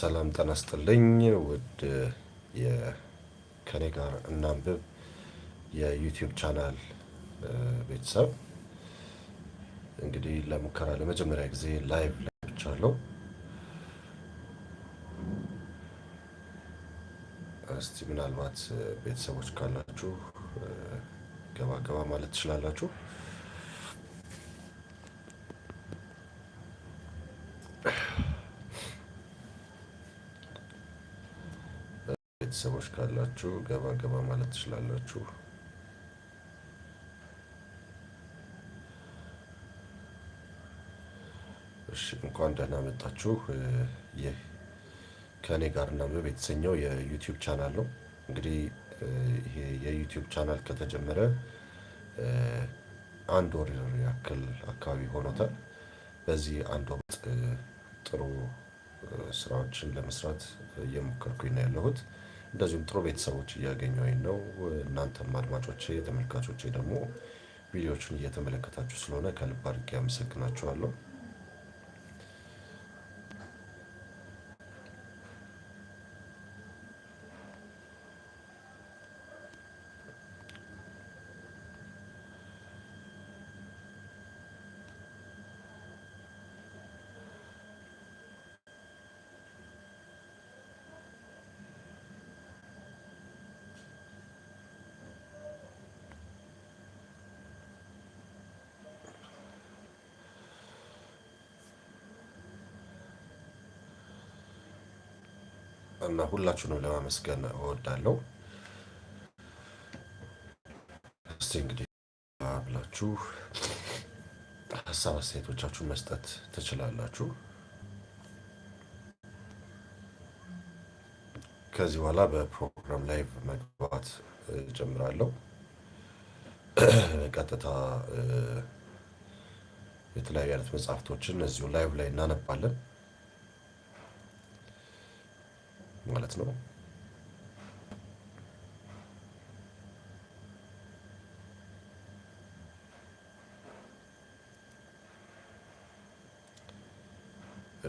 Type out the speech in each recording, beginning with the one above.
ሰላም ጠናስጥልኝ ውድ ከኔ ጋር እናንብብ የዩቲዩብ ቻናል ቤተሰብ እንግዲህ ለሙከራ ለመጀመሪያ ጊዜ ላይቭ ላይ አለው። እስቲ ምናልባት ቤተሰቦች ካላችሁ ገባ ገባ ማለት ትችላላችሁ። ካላችሁ ገባ ገባ ማለት ትችላላችሁ። እሺ እንኳን ደህና መጣችሁ። ይህ ከእኔ ጋር እናንብብ የተሰኘው የዩቲዩብ ቻናል ነው። እንግዲህ ይሄ የዩቲዩብ ቻናል ከተጀመረ አንድ ወር ያክል አካባቢ ሆኖታል። በዚህ አንድ ወር ጥሩ ስራዎችን ለመስራት እየሞከርኩኝ ነው ያለሁት። እንደዚሁም ጥሩ ቤተሰቦች እያገኘሁኝ ነው። እናንተም አድማጮቼ ተመልካቾቼ ደግሞ ቪዲዮዎቹን እየተመለከታችሁ ስለሆነ ከልብ አድርጌ አመሰግናችኋለሁ። እና ሁላችሁንም ለማመስገን እወዳለሁ። እስቲ እንግዲህ ብላችሁ ሀሳብ አስተያየቶቻችሁ መስጠት ትችላላችሁ። ከዚህ በኋላ በፕሮግራም ላይ መግባት ጀምራለሁ። ቀጥታ የተለያዩ አይነት መጽሐፍቶችን እዚሁ ላይቭ ላይ እናነባለን። ማለት ነው።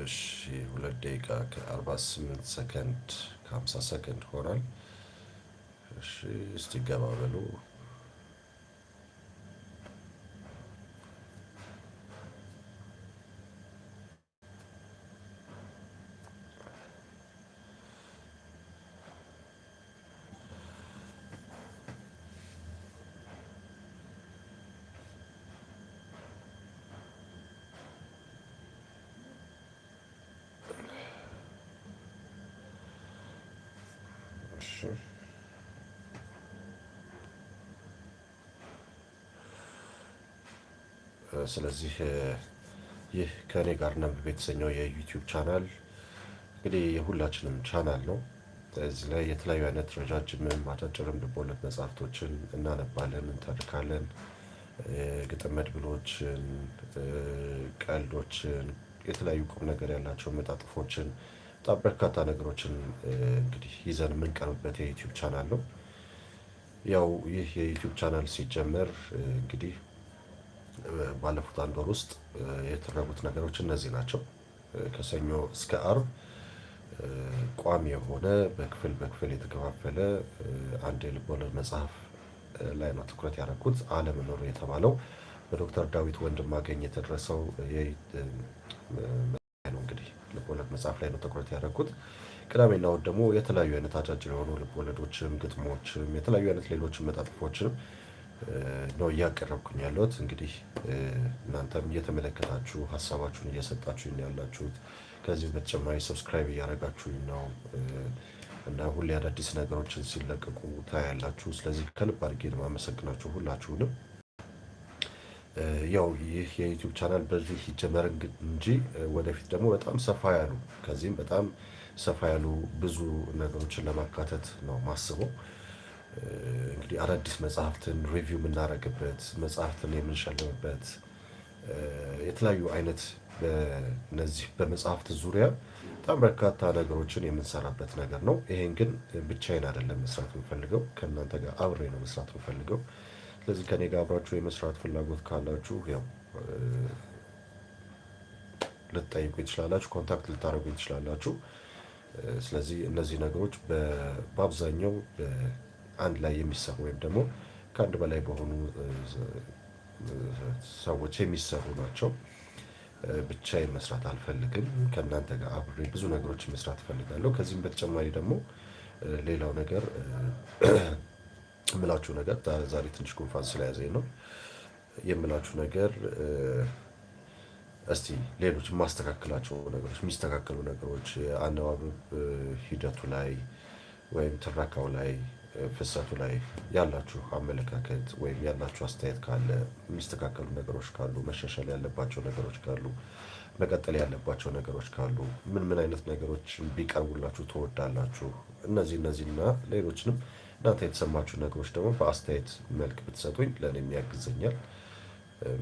እሺ ሁለት ደቂቃ ከአርባ ስምንት ሰከንድ ከሀምሳ ሰከንድ ሆኗል። እሺ እስቲ ገባ በሉ። እሺ e, ስለዚህ e, ይህ ከእኔ ጋር ነብብ የተሰኘው የዩቲዩብ ቻናል እንግዲህ የሁላችንም ቻናል ነው። እዚህ ላይ የተለያዩ አይነት ረጃጅምም አጫጭርም ልቦለድ መጽሐፍቶችን እናነባለን፣ እንተርካለን፣ ግጥም መድብሎችን፣ ቀልዶችን፣ የተለያዩ ቁም ነገር ያላቸው መጣጥፎችን በጣም በርካታ ነገሮችን እንግዲህ ይዘን የምንቀርብበት የዩቲዩብ ቻናል ነው። ያው ይህ የዩቲዩብ ቻናል ሲጀመር እንግዲህ ባለፉት አንድ ወር ውስጥ የተደረጉት ነገሮች እነዚህ ናቸው። ከሰኞ እስከ አርብ ቋሚ የሆነ በክፍል በክፍል የተከፋፈለ አንድ የልቦለድ መጽሐፍ ላይ ነው ትኩረት ያደረኩት። አለመኖር የተባለው በዶክተር ዳዊት ወንድማገኝ የተደረሰው ልቦለድ መጽሐፍ ላይ ነው ትኩረት ያደረኩት። ቅዳሜና እሑድ ደግሞ የተለያዩ አይነት አጫጭር የሆኑ ልቦለዶችም፣ ግጥሞችም የተለያዩ አይነት ሌሎችም መጣጥፎችም ነው እያቀረብኩኝ ያለሁት። እንግዲህ እናንተም እየተመለከታችሁ ሀሳባችሁን እየሰጣችሁ ያላችሁት ከዚህ በተጨማሪ ሰብስክራይብ እያደረጋችሁኝ ነው እና ሁሌ አዳዲስ ነገሮችን ሲለቀቁ ታያላችሁ። ስለዚህ ከልብ አድርጌ ነው የማመሰግናችሁ ሁላችሁንም። ያው ይህ የዩቲዩብ ቻናል በዚህ ይጀመር እንጂ ወደፊት ደግሞ በጣም ሰፋ ያሉ ከዚህም በጣም ሰፋ ያሉ ብዙ ነገሮችን ለማካተት ነው ማስበው። እንግዲህ አዳዲስ መጽሐፍትን ሪቪው የምናደርግበት፣ መጽሐፍትን የምንሸልምበት የተለያዩ አይነት በነዚህ በመጽሐፍት ዙሪያ በጣም በርካታ ነገሮችን የምንሰራበት ነገር ነው። ይሄን ግን ብቻዬን አይደለም መስራት የምፈልገው፣ ከእናንተ ጋር አብሬ ነው መስራት የምፈልገው። ስለዚህ ከኔ ጋር አብራችሁ የመስራት ፍላጎት ካላችሁ ያው ልትጠይቁ ትችላላችሁ፣ ኮንታክት ልታደርጉ ትችላላችሁ። ስለዚህ እነዚህ ነገሮች በአብዛኛው አንድ ላይ የሚሰሩ ወይም ደግሞ ከአንድ በላይ በሆኑ ሰዎች የሚሰሩ ናቸው። ብቻዬን መስራት አልፈልግም። ከእናንተ ጋር አብሬ ብዙ ነገሮች መስራት እፈልጋለሁ። ከዚህም በተጨማሪ ደግሞ ሌላው ነገር የምላችሁ ነገር ዛሬ ትንሽ ጉንፋን ስለያዘኝ ነው የምላችሁ ነገር እስቲ ሌሎች የማስተካከላቸው ነገሮች የሚስተካከሉ ነገሮች አነባበብ ሂደቱ ላይ ወይም ትረካው ላይ ፍሰቱ ላይ ያላችሁ አመለካከት ወይም ያላችሁ አስተያየት ካለ የሚስተካከሉ ነገሮች ካሉ መሻሻል ያለባቸው ነገሮች ካሉ መቀጠል ያለባቸው ነገሮች ካሉ ምን ምን አይነት ነገሮች ቢቀርቡላችሁ ትወዳላችሁ? እነዚህ እነዚህና ሌሎችንም እናንተ የተሰማችሁ ነገሮች ደግሞ በአስተያየት መልክ ብትሰጡኝ ለእኔም ያግዘኛል።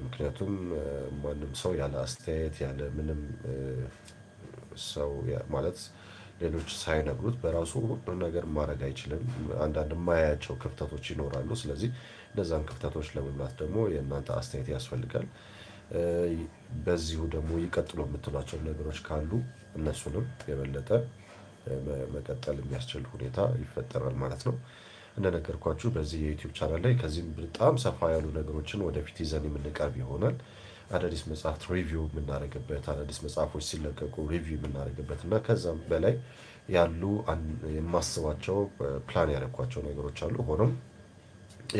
ምክንያቱም ማንም ሰው ያለ አስተያየት ያለ ምንም ሰው ማለት ሌሎች ሳይነግሩት በራሱ ሁሉ ነገር ማድረግ አይችልም። አንዳንድ የማያያቸው ክፍተቶች ይኖራሉ። ስለዚህ እነዛን ክፍተቶች ለመምላት ደግሞ የእናንተ አስተያየት ያስፈልጋል። በዚሁ ደግሞ ይቀጥሉ የምትሏቸው ነገሮች ካሉ እነሱንም የበለጠ መቀጠል የሚያስችል ሁኔታ ይፈጠራል ማለት ነው። እንደነገርኳችሁ በዚህ የዩቲዩብ ቻናል ላይ ከዚህም በጣም ሰፋ ያሉ ነገሮችን ወደፊት ይዘን የምንቀርብ ይሆናል። አዳዲስ መጽሐፍት ሪቪው የምናደርግበት፣ አዳዲስ መጽሐፎች ሲለቀቁ ሪቪው የምናደርግበት እና ከዛም በላይ ያሉ የማስባቸው ፕላን ያደረኳቸው ነገሮች አሉ። ሆኖም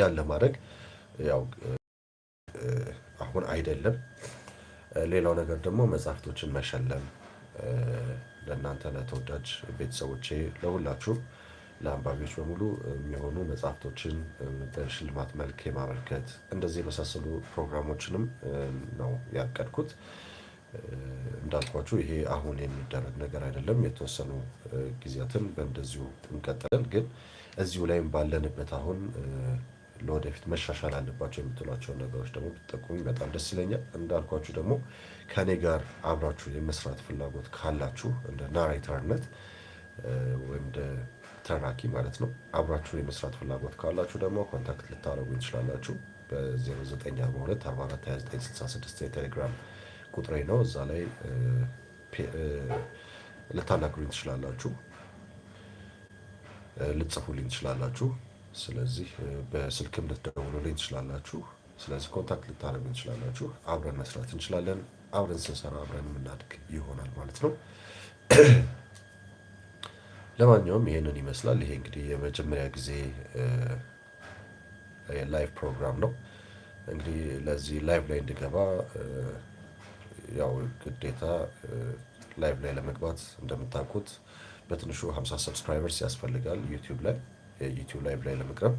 ያን ለማድረግ ያው አሁን አይደለም። ሌላው ነገር ደግሞ መጽሐፍቶችን መሸለም ለእናንተ ለተወዳጅ ቤተሰቦቼ ለሁላችሁም ለአንባቢዎች በሙሉ የሚሆኑ መጽሐፍቶችን በሽልማት መልክ የማበርከት እንደዚህ የመሳሰሉ ፕሮግራሞችንም ነው ያቀድኩት። እንዳልኳችሁ ይሄ አሁን የሚደረግ ነገር አይደለም። የተወሰኑ ጊዜያትን በእንደዚሁ እንቀጥለን፣ ግን እዚሁ ላይም ባለንበት አሁን ለወደፊት መሻሻል አለባቸው የምትሏቸውን ነገሮች ደግሞ ብትጠቁሙኝ በጣም ደስ ይለኛል። እንዳልኳችሁ ደግሞ ከኔ ጋር አብራችሁ የመስራት ፍላጎት ካላችሁ እንደ ናሬተርነት ተራኪ ማለት ነው። አብራችሁን የመስራት ፍላጎት ካላችሁ ደግሞ ኮንታክት ልታደረጉ ትችላላችሁ። በ0942442966 የቴሌግራም ቁጥሬ ነው። እዛ ላይ ልታናግሩኝ ትችላላችሁ፣ ልጽፉልኝ ትችላላችሁ። ስለዚህ በስልክም ልትደውሉልኝ ትችላላችሁ። ስለዚህ ኮንታክት ልታደረጉ ትችላላችሁ። አብረን መስራት እንችላለን። አብረን ስንሰራ አብረን የምናድግ ይሆናል ማለት ነው። ለማንኛውም ይሄንን ይመስላል። ይሄ እንግዲህ የመጀመሪያ ጊዜ ላይቭ ፕሮግራም ነው። እንግዲህ ለዚህ ላይቭ ላይ እንድገባ ያው ግዴታ ላይቭ ላይ ለመግባት እንደምታውቁት በትንሹ 50 ሰብስክራይበርስ ያስፈልጋል ዩቲዩብ ላይ ዩቲዩብ ላይቭ ላይ ለመቅረብ።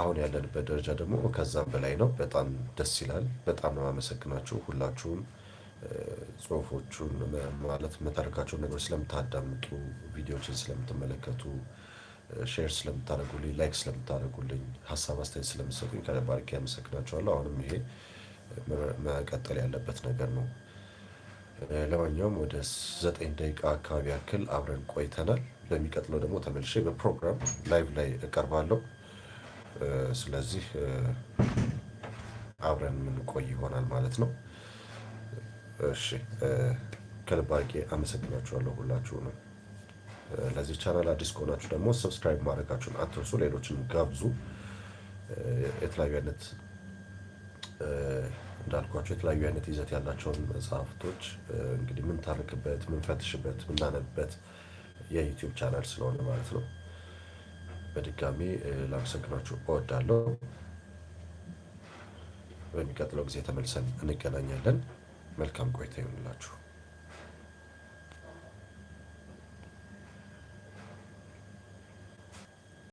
አሁን ያለንበት ደረጃ ደግሞ ከዛም በላይ ነው። በጣም ደስ ይላል። በጣም ነው የማመሰግናችሁ ሁላችሁም ጽሁፎቹን ማለት የምታደርጋቸውን ነገሮች ስለምታዳምጡ፣ ቪዲዮችን ስለምትመለከቱ፣ ሼር ስለምታደርጉልኝ፣ ላይክ ስለምታደርጉልኝ፣ ሀሳብ አስተያየት ስለምሰጡኝ ከልብ አድርጌ አሁንም ይሄ መቀጠል ያለበት ነገር ነው። ለማንኛውም ወደ ዘጠኝ ደቂቃ አካባቢ ያክል አብረን ቆይተናል። በሚቀጥለው ደግሞ ተመልሼ በፕሮግራም ላይቭ ላይ እቀርባለሁ። ስለዚህ አብረን የምንቆይ ይሆናል ማለት ነው። እሺ ከልብ አድርጌ አመሰግናችኋለሁ ሁላችሁንም። ለዚህ ቻናል አዲስ ከሆናችሁ ደግሞ ሰብስክራይብ ማድረጋችሁን አትርሱ፣ ሌሎችን ጋብዙ። የተለያዩ አይነት እንዳልኳቸው የተለያዩ አይነት ይዘት ያላቸውን መጽሐፍቶች እንግዲህ ምንታርክበት፣ ምንፈትሽበት፣ ምናነብበት የዩቲዩብ ቻናል ስለሆነ ማለት ነው። በድጋሚ ላመሰግናችሁ እወዳለሁ። በሚቀጥለው ጊዜ ተመልሰን እንገናኛለን። መልካም ቆይታ ይሆንላችሁ።